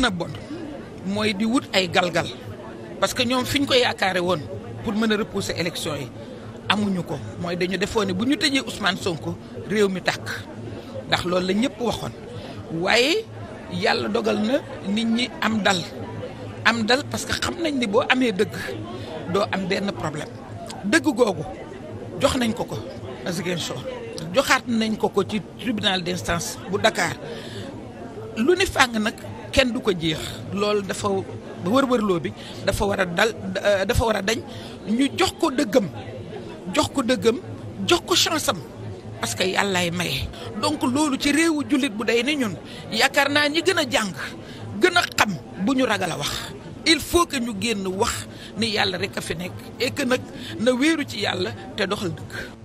na bon mooy di wut ay galgal parce que ñoom fi ñu ko yaakaare woon pour mën a repousser élection yi amuñu ko mooy dañu defoon ne bu ñu tëjee Ousmane Sonko réew mi tàkk ndax loolu la ñëpp waxoon waaye yàlla dogal na nit ñi am dal am dal parce que xam nañ ni boo amee dëgg doo am benn problème dëgg googu jox nañ ko ko Ziguinchor joxaat nañ ko ko ci tribunal d'instance bu dakaar lu ni fàng nag kenn du ko jeex loolu dafa wër-wërloo bi dafa war a dal dafa war a dañ ñu jox ko dëggam jox ko dëggam jox ko chance am parce que yàllaay maye. donc loolu ci réewu jullit bu day ni ñun yaakaar naa ñi gën a jàng gën a xam bu ñu ragal a wax il faut que ñu génn wax ni yàlla rek a fi nekk et nag na wéeru ci yàlla te doxal dëgg.